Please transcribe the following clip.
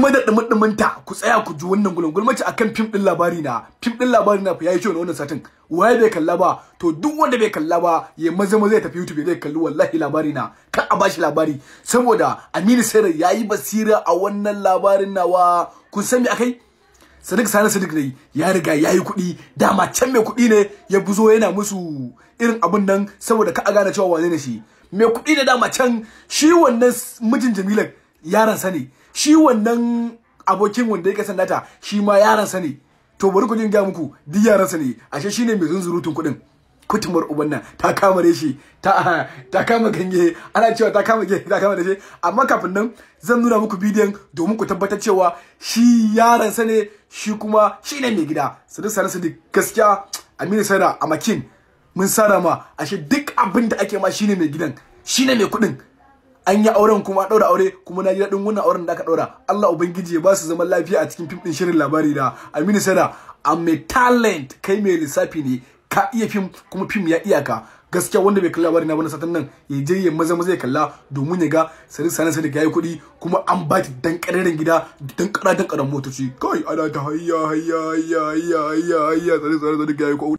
gulma da dumin ta ku tsaya ku ji wannan gulma gulma akan fim din labari na fim din labari na fa yayi shi na wannan satin waye bai kalla ba to duk wanda bai kalla ba ya maza maza ya tafi YouTube zai kalli wallahi labari na kar a bashi labari saboda Aminu sirri yayi basira a wannan labarin nawa kun san me akai Sadiq Sani Sadiq ne ya riga yayi kuɗi dama can mai kuɗi ne ya buzo yana musu irin abun nan saboda ka a gane cewa wane ne shi mai kuɗi da dama can shi wannan mijin Jamila yaran sa ne shi wannan abokin wanda yake sanata shi ma yaransa ne to bari ku jin ga muku duk yaransa ne ashe shine mai zunzurutun kuɗin kutumar uban nan ta kama shi ta ta kama ganye ana cewa ta kama ganye ta kama da shi amma kafin nan zan nuna muku bidiyon domin ku tabbatar cewa shi yaran sa ne shi kuma shi ne mai gida sadiq sani sadiq gaskiya Amina sara a makin mun sara ma ashe duk abin da ake ma shine mai gidan shine mai kuɗin an yi auren kuma ɗaura aure kuma na ji daɗin wannan auren da aka ɗaura Allah ubangiji ya ba su zaman lafiya a cikin fim ɗin shirin labari da Aminu Sada a mai talent kai mai lissafi ne ka iya fim kuma fim ya iya ka gaskiya wanda bai kalla na wani satan nan ya je ya maza maza ya kalla domin ya ga sarin sanin sanin kuɗi kuma an ba ki dan ƙararren gida dan ƙara dan ƙaran motoci kai ana ta hayya hayya hayya hayya hayya sarin sanin sanin kuɗi